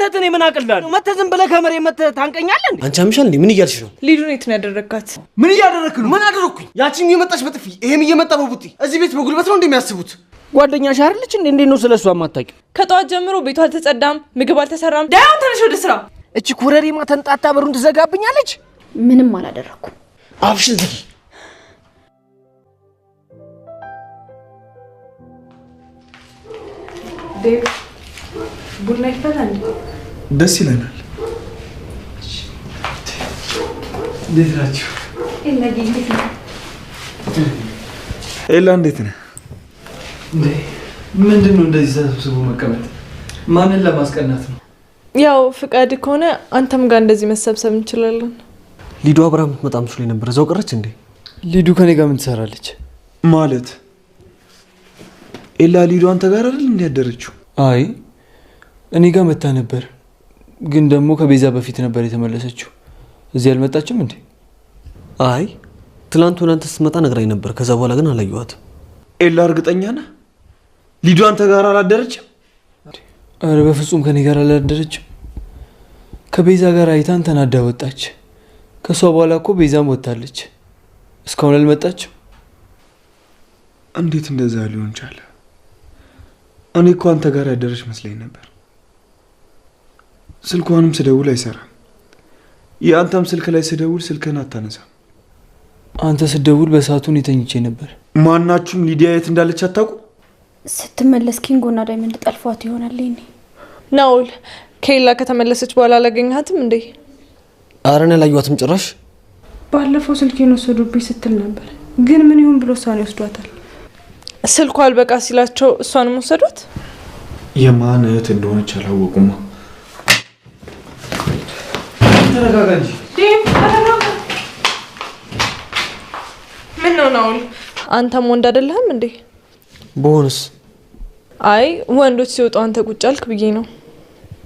መምታት እኔ ምን አቅልዳለሁ? መተህ ዝም ብለህ ከመሬ መተህ ታንቀኛለን? አንቺ አምሻል እንዴ? ምን እያልሽ ነው? ሊዱን የት ነው ያደረግካት? ምን እያደረግክ ነው? ምን አደረግኩኝ? ያቺም እየመጣች በጥፊ ይሄም እየመጣ በቡጢ። እዚህ ቤት በጉልበት ነው እንደሚያስቡት። ጓደኛ ሻርልች እንዴ? እንዴት ነው ስለሷ የማታውቂው? ከጠዋት ጀምሮ ቤቷ አልተጸዳም፣ ምግብ አልተሰራም። ዳያውን ተነሽ ወደ ስራ። እቺ ኩረሪማ ተንጣጣ በሩን ትዘጋብኛለች። ምንም አላደረኩም። አብሽል ዝጊ። ዴቭ ቡና ይፈላል። ደስ ይለናል። እንዴት ናችሁ? ኤላ እንዴት ነህ? ምንድን ነው እንደዚህ ተሰብስቦ መቀመጥ? ማንን ለማስቀናት ነው? ያው ፍቃድ ከሆነ አንተም ጋር እንደዚህ መሰብሰብ እንችላለን። ሊዱ አብራ የምትመጣ መስሎኝ ነበር። እዛው ቀረች እንዴ? ሊዱ ከኔ ጋር ምን ትሰራለች ማለት? ኤላ ሊዱ አንተ ጋር አይደል እንዲያደረችው? አይ እኔ ጋር መታ ነበር፣ ግን ደግሞ ከቤዛ በፊት ነበር የተመለሰችው። እዚህ አልመጣችም እንዴ? አይ ትላንት ወደ አንተ ስትመጣ ነግራኝ ነበር። ከዛ በኋላ ግን አላየኋትም። ኤላ እርግጠኛ ነ ሊዱ አንተ ጋር አላደረችም? አረ በፍጹም ከኔ ጋር አላደረችም። ከቤዛ ጋር አይታን ተናዳ ወጣች። ከእሷ በኋላ እኮ ቤዛም ወጥታለች። እስካሁን አልመጣችም። እንዴት እንደዛ ሊሆን ቻለ? እኔ እኮ አንተ ጋር ያደረች መስለኝ ነበር። ስልኳንም ስደውል አይሰራም። የአንተም ስልክ ላይ ስደውል ስልክህን አታነሳም። አንተ ስደውል በሰዓቱን የተኝቼ ነበር። ማናችሁም ሊዲያ የት እንዳለች አታውቁ። ስትመለስ ኪንጎና ዳይመንድ ጠልፏት ይሆናል። ኔ ናውል ከሌላ ከተመለሰች በኋላ አላገኘሃትም እንዴ? አረን ያላዩትም ጭራሽ። ባለፈው ስልኬን ወሰዱብኝ ስትል ነበር፣ ግን ምን ይሁን ብሎ እሷን ይወስዷታል። ስልኳ አልበቃ ሲላቸው እሷንም ወሰዷት። የማን እህት እንደሆነች አላወቁማ። ተረጋጋ እንጂ ምን ነው ናውል፣ አንተም ወንድ አይደለህም እንዴ? በሆንስ? አይ ወንዶች ሲወጡ አንተ ቁጭ አልክ ብዬ ነው።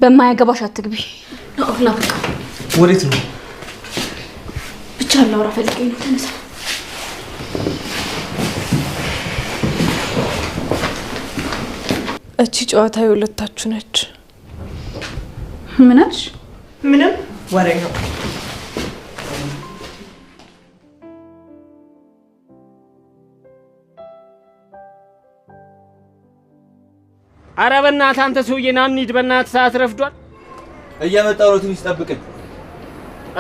በማያገባሽ አትግቢ። ናኦል ናፍቃ፣ ወዴት ነው? ብቻ ላውራ ፈልጌ ነው። ተነሳ። እቺ ጨዋታ የሁለታችሁ ነች። ምን አልሽ? ምንም wedding. አረ በእናትህ አንተ ሰውዬ ና እንሂድ። በእናትህ ሰዓት ረፍዷል። እየመጣሁ ነው፣ ትንሽ ጠብቀኝ።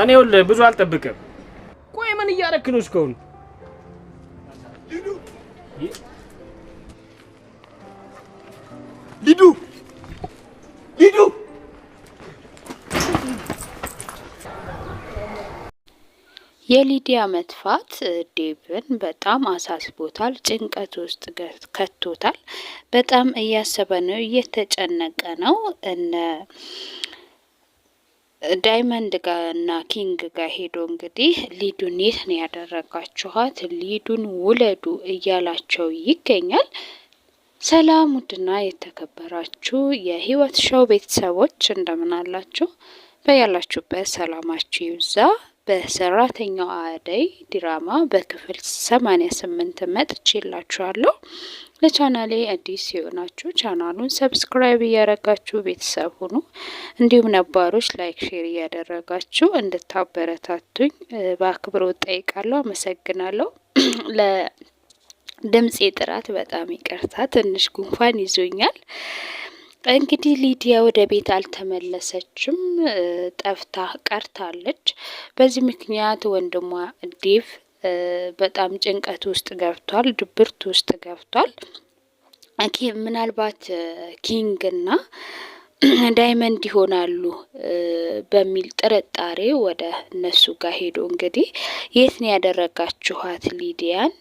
እኔ ይኸውልህ ብዙ አልጠብቅም። ቆይ ምን እያደረክ ነው እስካሁን? ሊዱ ሊዱ የሊዲያ መጥፋት ዴብን በጣም አሳስቦታል። ጭንቀት ውስጥ ከቶታል። በጣም እያሰበ ነው፣ እየተጨነቀ ነው። እነ ዳይመንድ ጋርና ኪንግ ጋር ሄዶ እንግዲህ ሊዱን የት ነው ያደረጋችኋት? ሊዱን ውለዱ እያላቸው ይገኛል። ሰላም ውድና የተከበራችሁ የህይወት ሸው ቤተሰቦች እንደምን አላችሁ? በያላችሁበት ሰላማችሁ ይብዛ። በሰራተኛው አደይ ድራማ በክፍል 88 መጥቼላችኋለሁ። ለቻናሌ አዲስ የሆናችሁ ቻናሉን ሰብስክራይብ እያደረጋችሁ ቤተሰብ ሁኑ። እንዲሁም ነባሮች ላይክ፣ ሼር እያደረጋችሁ እንድታበረታቱኝ በአክብሮ ጠይቃለሁ። አመሰግናለሁ። ለድምፄ ጥራት በጣም ይቅርታ፣ ትንሽ ጉንፋን ይዞኛል። እንግዲህ ሊዲያ ወደ ቤት አልተመለሰችም፣ ጠፍታ ቀርታለች። በዚህ ምክንያት ወንድሟ ዴቭ በጣም ጭንቀት ውስጥ ገብቷል፣ ድብርት ውስጥ ገብቷል። ምናልባት ኪንግና ዳይመንድ ይሆናሉ በሚል ጥርጣሬ ወደ እነሱ ጋር ሄዶ እንግዲህ የት ነው ያደረጋችኋት ሊዲያን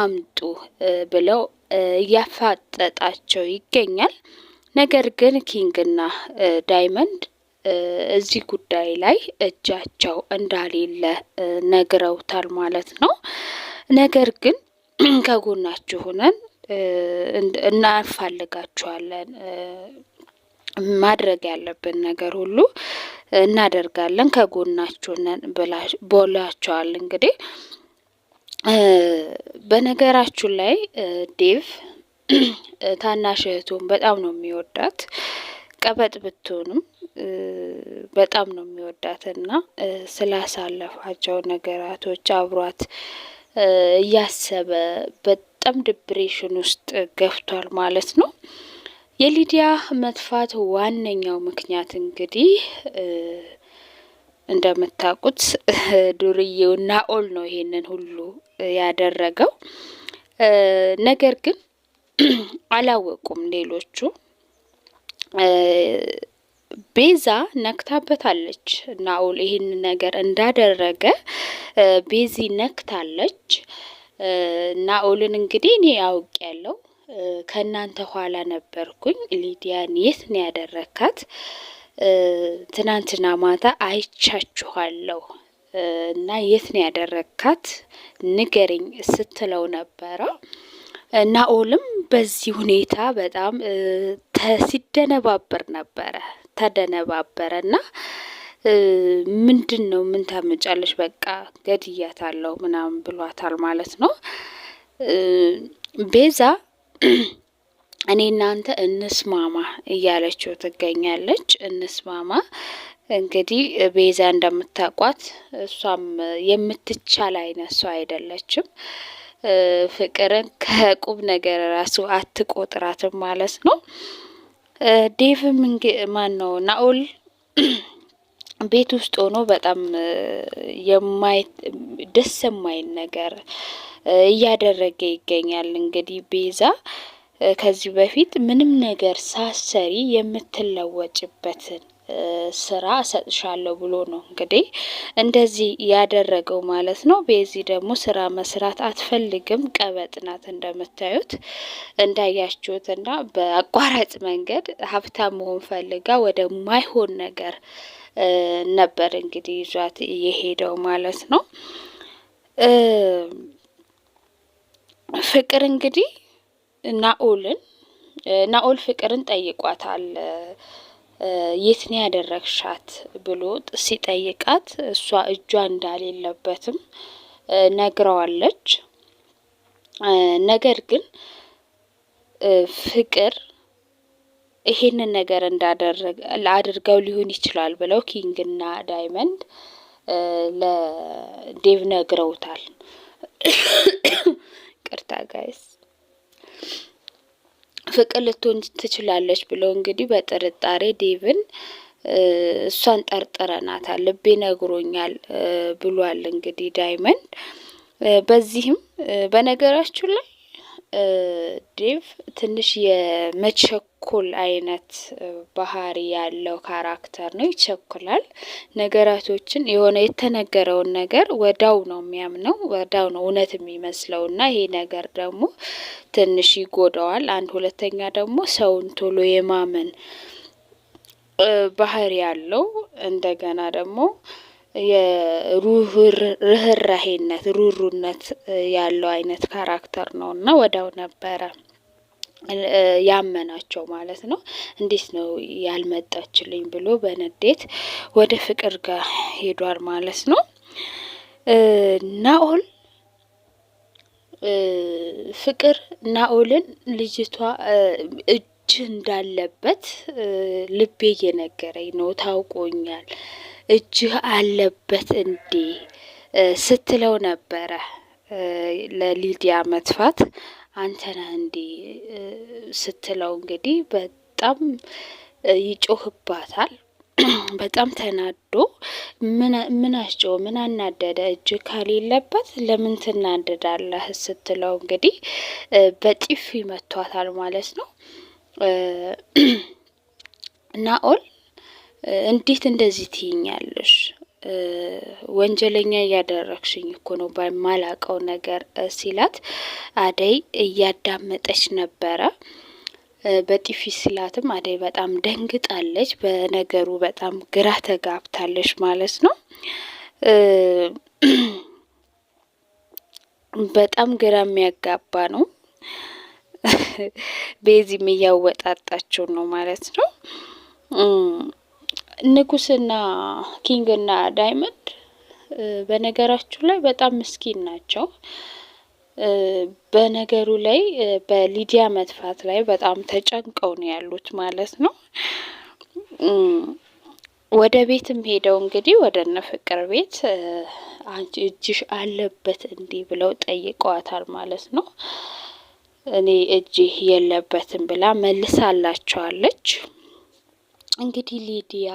አምጡ ብለው እያፋጠጣቸው ይገኛል። ነገር ግን ኪንግና ዳይመንድ እዚህ ጉዳይ ላይ እጃቸው እንዳሌለ ነግረውታል ማለት ነው። ነገር ግን ከጎናችሁ ሆነን እናፋልጋችኋለን ማድረግ ያለብን ነገር ሁሉ እናደርጋለን ከጎናችሁ ነን ብሏቸዋል። እንግዲህ በነገራችሁ ላይ ዴቭ ታናሽ እህቱን በጣም ነው የሚወዳት። ቀበጥ ብትሆንም በጣም ነው የሚወዳት እና ስላሳለፋቸው ነገራቶች አብሯት እያሰበ በጣም ድብሬሽን ውስጥ ገፍቷል ማለት ነው። የሊዲያ መጥፋት ዋነኛው ምክንያት እንግዲህ እንደምታውቁት ዱርዬው ናኦል ነው ይሄንን ሁሉ ያደረገው። ነገር ግን አላወቁም ሌሎቹ። ቤዛ ነክታበታለች። ናኦል ይህን ነገር እንዳደረገ ቤዚ ነክታለች። ናኦልን እንግዲህ እኔ አውቅ ያለው ከእናንተ ኋላ ነበርኩኝ። ሊዲያን የት ነው ያደረካት? ትናንትና ማታ አይቻችኋለሁ እና የት ነው ያደረካት ንገሪኝ ስትለው ነበረ። ናኦልም በዚህ ሁኔታ በጣም ሲደነባበር ነበረ። ተደነባበረ እና ምንድን ነው ምን ታመጫለሽ? በቃ ገድያታለሁ ምናምን ብሏታል ማለት ነው። ቤዛ እኔ እናንተ እንስማማ እያለችው ትገኛለች። እንስማማ እንግዲህ ቤዛ እንደምታውቋት እሷም የምትቻል አይነት ሰው አይደለችም። ፍቅርን ከቁብ ነገር ራሱ አትቆጥራትም ማለት ነው። ዴቭም ማን ነው ናኦል ቤት ውስጥ ሆኖ በጣም የማይ ደስ የማይል ነገር እያደረገ ይገኛል። እንግዲህ ቤዛ ከዚህ በፊት ምንም ነገር ሳሰሪ የምትለወጭበትን ስራ እሰጥሻለሁ ብሎ ነው እንግዲህ እንደዚህ ያደረገው ማለት ነው። ቤዚ ደግሞ ስራ መስራት አትፈልግም፣ ቀበጥ ናት እንደምታዩት እንዳያችሁት እና በአቋራጭ መንገድ ሀብታም መሆን ፈልጋ ወደ ማይሆን ነገር ነበር እንግዲህ ይዟት የሄደው ማለት ነው። ፍቅር እንግዲህ ናኦልን ናኦል ፍቅርን ጠይቋታል። የት ነው ያደረግሻት ብሎ ሲጠይቃት እሷ እጇ እንዳሌለበትም ነግረዋለች። ነገር ግን ፍቅር ይሄንን ነገር እንዳደረገ አድርገው ሊሆን ይችላል ብለው ኪንግና ዳይመንድ ለዴቭ ነግረውታል። ቅርታ ጋይስ ፍቅር ልትሆን ትችላለች ብለው እንግዲህ በጥርጣሬ ዴቭን እሷን ጠርጥረናታል፣ ልቤ ነግሮኛል ብሏል እንግዲህ ዳይመንድ። በዚህም በነገራችሁ ላይ ዴቭ ትንሽ የመቸኮል አይነት ባህሪ ያለው ካራክተር ነው። ይቸኩላል። ነገራቶችን የሆነ የተነገረውን ነገር ወዳው ነው የሚያምነው፣ ወዳው ነው እውነት የሚመስለው እና ይሄ ነገር ደግሞ ትንሽ ይጎዳዋል። አንድ ሁለተኛ ደግሞ ሰውን ቶሎ የማመን ባህሪ ያለው እንደገና ደግሞ የርህራሄነት ሩሩነት ያለው አይነት ካራክተር ነው እና ወዳው ነበረ ያመናቸው ማለት ነው። እንዴት ነው ያልመጣችልኝ ብሎ በንዴት ወደ ፍቅር ጋር ሄዷል ማለት ነው። ናኦል ፍቅር ናኦልን ልጅቷ እጅ እንዳለበት ልቤ እየነገረኝ ነው ታውቆኛል እጅህ አለበት እንዴ ስትለው ነበረ። ለሊዲያ መጥፋት አንተና ነህ ስትለው እንግዲህ በጣም ይጮህባታል። በጣም ተናዶ ምን አስጮ ምን አናደደ? እጅ ከሌለበት ለምን ትናደዳለህ? ስትለው እንግዲህ በጢፍ መቷታል ማለት ነው ናኦል እንዴት እንደዚህ ትይኛለሽ? ወንጀለኛ እያደረግሽኝ እኮ ነው በማላቀው ነገር ሲላት አደይ እያዳመጠች ነበረ። በጢፊ ሲላትም አደይ በጣም ደንግጣለች። በነገሩ በጣም ግራ ተጋብታለች ማለት ነው። በጣም ግራ የሚያጋባ ነው። ቤዚም እያወጣጣቸው ነው ማለት ነው። ንጉስና ኪንግና ዳይመንድ በነገራችሁ ላይ በጣም ምስኪን ናቸው። በነገሩ ላይ በሊዲያ መጥፋት ላይ በጣም ተጨንቀው ነው ያሉት ማለት ነው። ወደ ቤትም ሄደው እንግዲህ ወደ እነ ፍቅር ቤት አንቺ እጅሽ አለበት እንዲህ ብለው ጠይቀዋታል ማለት ነው። እኔ እጅህ የለበትም ብላ መልሳላቸዋለች። እንግዲህ ሊዲያ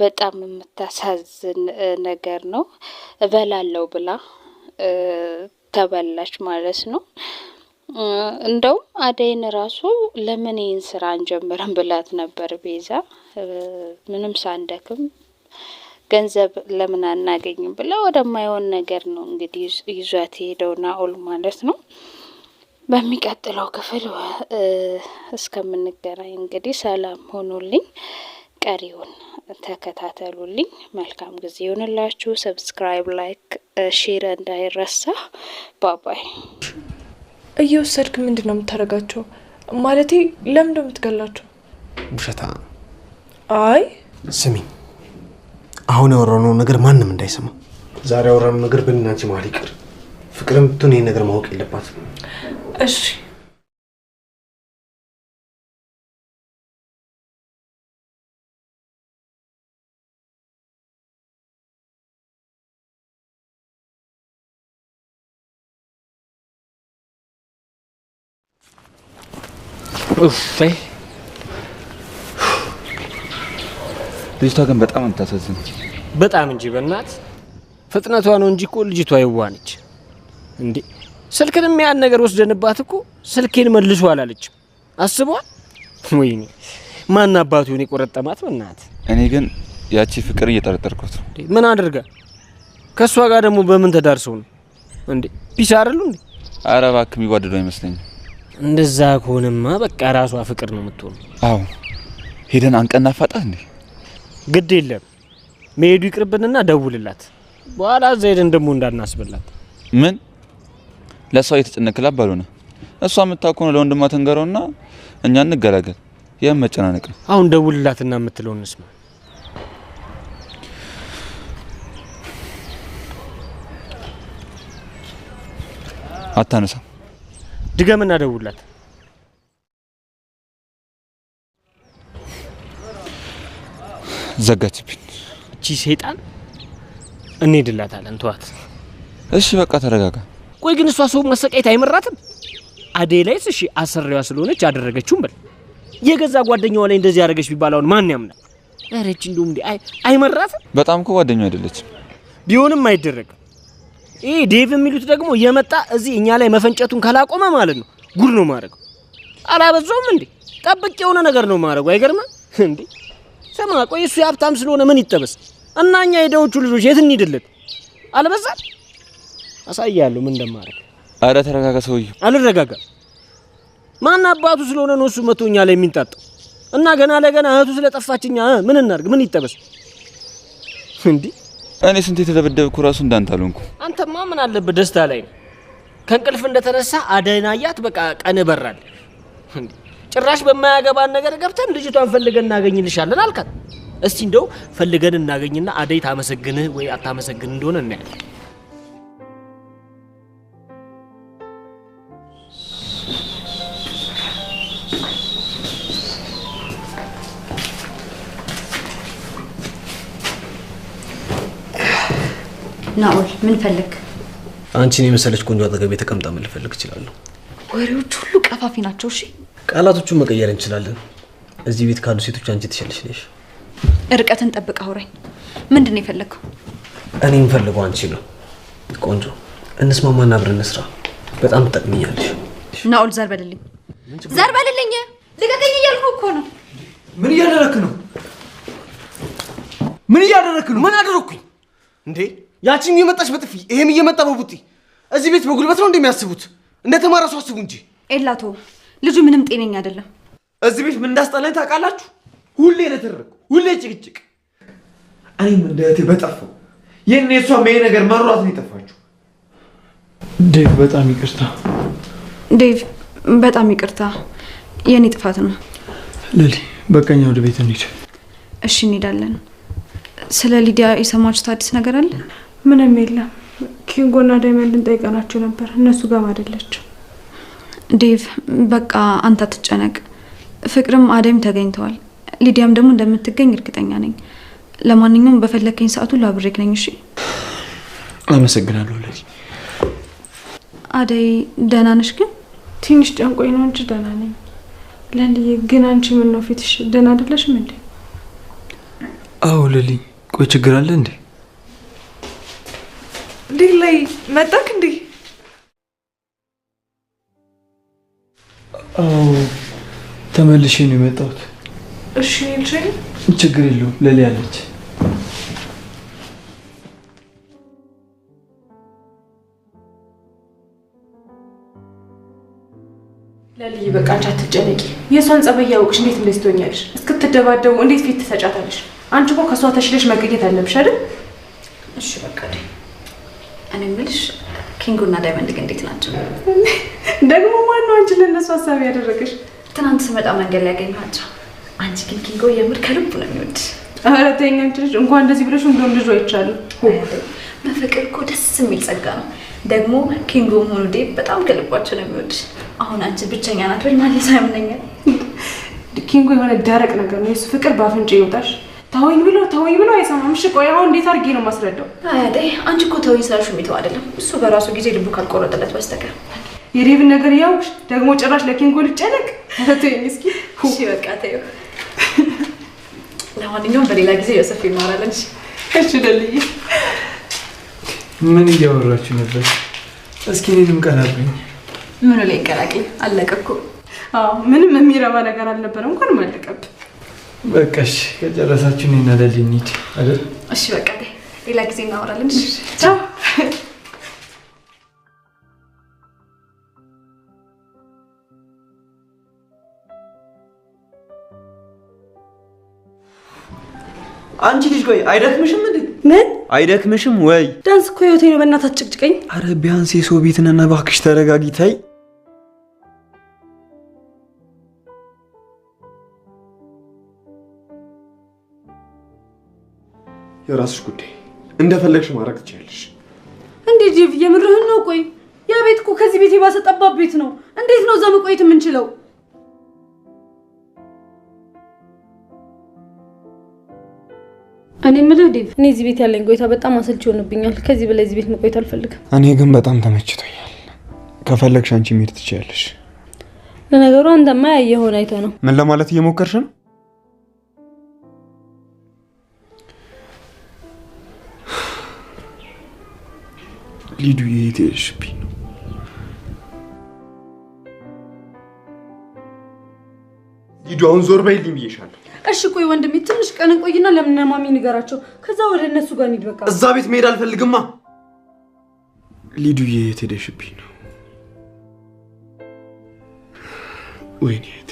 በጣም የምታሳዝን ነገር ነው። እበላለው ብላ ተበላች ማለት ነው። እንደውም አደይን ራሱ ለምን ይህን ስራ አንጀምርም ብላት ነበር ቤዛ። ምንም ሳንደክም ገንዘብ ለምን አናገኝም ብላ ወደማይሆን ነገር ነው እንግዲህ ይዟት የሄደው ናኦል ማለት ነው። በሚቀጥለው ክፍል እስከምንገናኝ እንግዲህ ሰላም ሆኑልኝ። ቀሪውን ተከታተሉልኝ። መልካም ጊዜ ይሆንላችሁ። ሰብስክራይብ፣ ላይክ፣ ሼር እንዳይረሳ። ባባይ። እየወሰድክ ምንድን ነው የምታደርጋቸው? ማለቴ ለምን ነው የምትገላቸው? ውሸታ። አይ ስሚ፣ አሁን ያወራነው ነገር ማንም እንዳይሰማ። ዛሬ ያወራነው ነገር በእናንቺ መሀል ይቅር። ፍቅርም ብትሆን ይህ ነገር ማወቅ የለባትም። እሺ እሰይ ልጅቷ ግን በጣም የምታሳዝን በጣም እንጂ በእናት ፍጥነቷ ነው እንጂ እኮ ልጅቷ የዋህ ነች እንዴ ስልክንም ያን ነገር ወስደንባት እኮ ስልኬን መልሷል አለችም። አስቧል። ወይኔ ማን አባቱ ይሁን የቆረጠማት እናት። እኔ ግን ያቺ ፍቅር እየጠረጠርኩት ምን አድርጋ ከእሷ ጋር ደግሞ በምን ተዳርሰው ነው እንዴ? ፒስ አይደሉ እንዴ? ኧረ እባክህ የሚጓደዱ አይመስለኝም። እንደዛ ከሆነማ በቃ ራሷ ፍቅር ነው የምትሆነው። አዎ ሄደን አንቀና ፋጣ እንዴ? ግድ የለም መሄዱ ይቅርብንና ደውልላት። በኋላ እዛ ሄደን ደግሞ እንዳናስብላት ምን ለሷ እየተጨነቅላት ባልሆነ እሷ የምታውቀው ነው ለወንድማ ተንገረውና እኛ እንገላገል። ይህም መጨናነቅ ነው። አሁን ደውልላትና የምትለውን እንስማ። አታነሳ። ድገምና ደውላት። ዘጋችብኝ። እቺ ሰይጣን እንሄድላታለን። ተዋት። እሺ በቃ ተረጋጋ። ቆይ ግን እሷ ሰው መሰቃየት አይመራትም? አደይ ላይስ እሺ አሰሪዋ ስለሆነች አደረገችውም በል የገዛ ጓደኛዋ ላይ እንደዚህ ያደረገች ቢባል አሁን ማን ያምናል? ረች እንዲሁም እንዲ አይመራትም። በጣም እኮ ጓደኛው አይደለችም። ቢሆንም አይደረግም። ይህ ዴቭ የሚሉት ደግሞ የመጣ እዚህ እኛ ላይ መፈንጨቱን ካላቆመ ማለት ነው ጉድ ነው ማድረገው። አላበዛውም እንዴ? ጠብቅ የሆነ ነገር ነው ማድረጉ። አይገርምም እንዴ? ስማ ቆይ እሱ የሀብታም ስለሆነ ምን ይጠበስ እና እኛ የደዎቹ ልጆች የት እንሂድለት? አልበዛም አሳያለሁ ምን እንደማደርግ። አረ ተረጋጋ ሰውዬው። አልረጋጋም። ማን አባቱ ስለሆነ ነው እሱ መቶኛ ላይ የሚንጣጣው? እና ገና ለገና እህቱ ስለጠፋችኛ ምን እናርግ? ምን ይጠበስ እንዴ? እኔ ስንት የተደበደብኩ ራሱ እንዳንተ አልሆንኩ። አንተማ ምን አለበት ደስታ ላይ ነው። ከእንቅልፍ እንደተነሳ አደናያት በቃ ቀን በራል። ጭራሽ በማያገባን ነገር ገብተን ልጅቷን ፈልገን እናገኝልሻለን አልካት። እስቲ እንደው ፈልገን እናገኝና አደይ ታመሰግንህ ወይ አታመሰግንህ እንደሆነ እናያለን። ናኦል ምን ፈለግ? አንቺን የመሰለች ቆንጆ አጠገቤ ተቀምጣ ምን ልፈልግ እችላለሁ? ወሬዎች ሁሉ ቀፋፊ ናቸው። እሺ ቃላቶቹን መቀየር እንችላለን። እዚህ ቤት ካሉ ሴቶች አንቺ ትሸልሽ ነሽ። እርቀትን ጠብቅ አውራኝ። ምንድን ነው የፈለግከው? እኔ የምፈልገው አንቺ ነው ቆንጆ። እንስማማና አብረን እንስራ። በጣም ትጠቅምኛለሽ። ናኦል ዘር በልልኝ፣ ዘር በልልኝ፣ ልቀቀኝ እያልኩ እኮ ነው። ምን እያደረክ ነው? ምን እያደረክ ነው? ምን አደረኩኝ እንዴ? ያቺም እየመጣች በጥፊ ይሄም እየመጣ በቡጢ እዚህ ቤት በጉልበት ነው እንደሚያስቡት እንደተማረ ሰው አስቡ እንጂ። ኤላቶ ልጁ ምንም ጤነኛ አይደለም። እዚህ ቤት ምን እንዳስጠላኝ ታውቃላችሁ? ሁሌ ለተደረገ ሁሌ ጭቅጭቅ። እኔም እንደ እህቴ በጠፋው ይህን የእሷም ይሄ ነገር መሯት ነው የጠፋችሁ። ዴቭ በጣም ይቅርታ። ዴቭ በጣም ይቅርታ፣ የእኔ ጥፋት ነው። ሌሊ በቀኛ ወደ ቤት እንሂድ። እሺ እንሄዳለን። ስለ ሊዲያ የሰማችሁት አዲስ ነገር አለ? ምንም የለም። ኪንጎና ዳይመንድን ጠይቀናቸው ነበር፣ እነሱ ጋር አይደለችም። ዴቭ በቃ አንተ አትጨነቅ። ፍቅርም አደይም ተገኝተዋል። ሊዲያም ደግሞ እንደምትገኝ እርግጠኛ ነኝ። ለማንኛውም በፈለከኝ ሰዓቱ ላብሬክ ነኝ። እሺ፣ አመሰግናለሁ። ለዚ አደይ ደህና ነሽ? ግን ትንሽ ጨንቆኝ ነው እንጂ ደህና ነኝ። ለልዬ ግን አንቺ ምን ነው ፊትሽ ደህና አይደለሽም እንዴ? አዎ ለሊ፣ ቆይ ችግር አለ እንዴ? እንዴ ላይ መጣክ እንዴ? አዎ ተመልሼ ነው የመጣሁት። እሺ ልጅኝ፣ ችግር የለውም ለሌ አለች። ለሊ በቃ አንቺ አትጨነቂ። የእሷን ጸባይ ያውቅሽ። እንዴት እንደዚህ ትሆኛለሽ? እስክትደባደቡ እንዴት ፊት ትሰጫታለሽ? አንቺ እኮ ከእሷ ተሽለሽ መገኘት አለብሽ አይደል? እሺ በቃ እኔ የምልሽ ኪንጉና ዳይመንድ ግን እንዴት ናቸው? ደግሞ ማነው አንቺ ለእነሱ ሀሳብ ያደረገሽ? ትናንት ስመጣ መንገድ ላይ ያገኘኋቸው። አንቺ ግን ኪንጎ የምር ከልቡ ነው የሚወድ። ኧረ ተይኝ አንቺ ልጅ፣ እንኳን እንደዚህ ብለሽ እንደውም ልጁ አይቻልም። በፍቅር እኮ ደስ የሚል ጸጋ ነው። ደግሞ ኪንጎ መሆኑ ዴ በጣም ከልባቸው ነው የሚወድ። አሁን አንቺ ብቸኛ ናት ብል ማለት ያምነኛል። ኪንጎ የሆነ ደረቅ ነገር ነው። የሱ ፍቅር በአፍንጭ ይወጣሽ ተወኝ ብሎ ተወኝ ብሎ አይሰማም። እሺ ቆይ አሁን እንዴት አድርጌ ነው የማስረዳው? አያቴ አንቺ እኮ ተወኝ ስላልሽው የሚተው አይደለም እሱ በራሱ ጊዜ ልቡ ካልቆረጠለት በስተቀር የዴቭን ነገር ያውሽ ደግሞ ጭራሽ ለኪንጎ ልጨነቅ። ተወኝ እስኪ እሺ በቃ ተይው። ለማንኛውም በሌላ ጊዜ የሰፊ ይማራለን። እሺ ደልይ ምን እያወራችሁ ነበር? እስኪ እኔንም ቀላብኝ። ምኑ ላይ ቀላቅል አለቀኩ። ምንም የሚረባ ነገር አልነበረ እንኳን ማለቀብ በቃሽ፣ እሺ፣ ከጨረሳችሁ እኔና ለሊ እንሂድ አይደል? እሺ፣ በቃ ሌላ ጊዜ እናወራለን። እሺ፣ ቻው። አንቺ ልጅ ቆይ፣ አይደክምሽም እንዴ? ምን አይደክምሽም ወይ? ዳንስ እኮ ህይወቴ ነው። በእናትህ አትጭቅጭቀኝ። አረ ቢያንስ የሰው ቤት ነን፣ እባክሽ ተረጋጊ። ተይ የራስሽ ጉዳይ፣ እንደፈለግሽ ማድረግ ትችያለሽ። እንዴ ጂቭ፣ የምርህን ነው? ቆይ ያ ቤት እኮ ከዚህ ቤት የባሰ ጠባብ ቤት ነው። እንዴት ነው እዛ መቆየት የምንችለው? እኔ የምልህ ዴቭ፣ እኔ እዚህ ቤት ያለኝ ቆይታ በጣም አሰልች ይሆንብኛል። ከዚህ በላይ እዚህ ቤት መቆየት አልፈልግም። እኔ ግን በጣም ተመችቶኛል። ከፈለግሽ አንቺ መሄድ ትችያለሽ። ለነገሩ አንተማ ያየኸውን አይተህ ነው። ምን ለማለት እየሞከርሽ ነው? ሊዱዬ የት ሄድሽብኝ ነው? አሁን ዞር በይልኝ ብዬሻለሁ። እሺ ቆይ ወንድሜ ትንሽ ቀን ቆይና ለምነ ማሚ ንገራቸው፣ ከዛ ወደ እነሱ ጋር እንሂድ። በቃ እዛ ቤት መሄድ አልፈልግማ። ሊዱዬ የት ሄደሽብኝ ነው? ወይኔ እቴ፣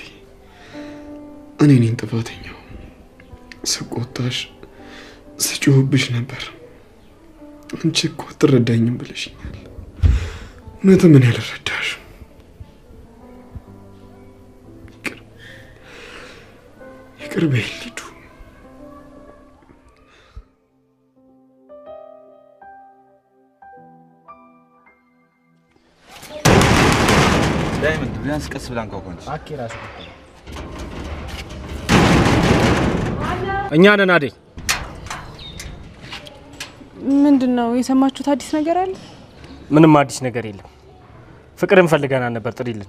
እኔ ነኝ ጥፋተኛው። ስቆጣሽ ስጮህብሽ ነበር አንቺ እኮ አትረዳኝም ብለሽኛል። እውነት ምን ያልረዳሽ? ይቅር በይኝ ልጁ። ዳይመንድ ቢያንስ ቀስ ብላ አንኳኳ እንጂ እኛ ነን አደይ ምንድን ነው የሰማችሁት? አዲስ ነገር አለ? ምንም አዲስ ነገር የለም። ፍቅርን ፈልገና ነበር፣ ጥሪልን።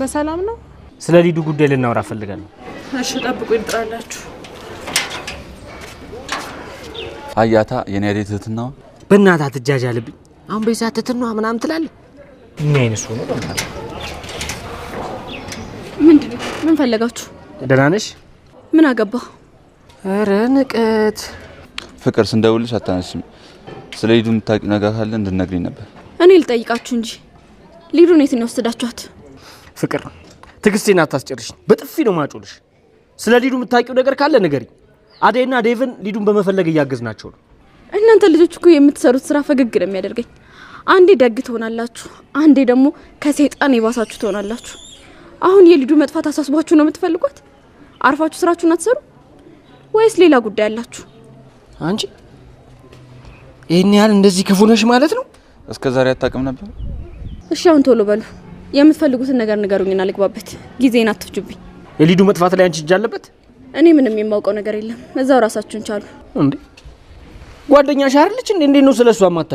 በሰላም ነው? ስለ ሊዱ ጉዳይ ልናወራ ፈልጋለሁ። እሺ ጠብቁ፣ ይጥራላችሁ። አያታ የኔ ያዴ ትህትና፣ በእናታ አትጃጅ አለብኝ። አሁን በዛ ትህትና ምናምን ትላለ? ምን ነው? ምንድን ነው? ምን ፈለጋችሁ? ደህና ነሽ? ምን አገባ? ኧረ ንቀት ፍቅር ስንደውልሽ አታነሽም ስለ ሊዱ የምታውቂው ነገር ካለ እንድነግሪኝ ነበር። እኔ ልጠይቃችሁ እንጂ ሊዱን የት ነው የወሰዳችኋት? ፍቅር ትዕግስቴን አታስጨርሽ። በጥፊ ነው ማጮልሽ። ስለ ሊዱ የምታውቂው ነገር ካለ ነገር አዴና ዴቭን ሊዱን በመፈለግ እያገዝናቸው ነው። እናንተ ልጆች እኮ የምትሰሩት ስራ ፈገግ ነው የሚያደርገኝ። አንዴ ደግ ትሆናላችሁ፣ አንዴ ደግሞ ከሰይጣን የባሳችሁ ትሆናላችሁ። አሁን የሊዱ መጥፋት አሳስቧችሁ ነው የምትፈልጓት? አርፋችሁ ስራችሁን አትሰሩ ወይስ ሌላ ጉዳይ አላችሁ? አንቺ ይህን ያህል እንደዚህ ክፉ ነሽ ማለት ነው? እስከ ዛሬ አታውቅም ነበር። እሺ አሁን ቶሎ በሉ የምትፈልጉትን ነገር ንገሩኝና ልግባበት። ጊዜን አትፍጁብኝ። የሊዱ መጥፋት ላይ አንቺ እጅ አለበት? እኔ ምንም የማውቀው ነገር የለም። እዛው ራሳችሁን ቻሉ። እንዴ ጓደኛሽ አይደለች እንዴ? እንዴ ነው ስለሷ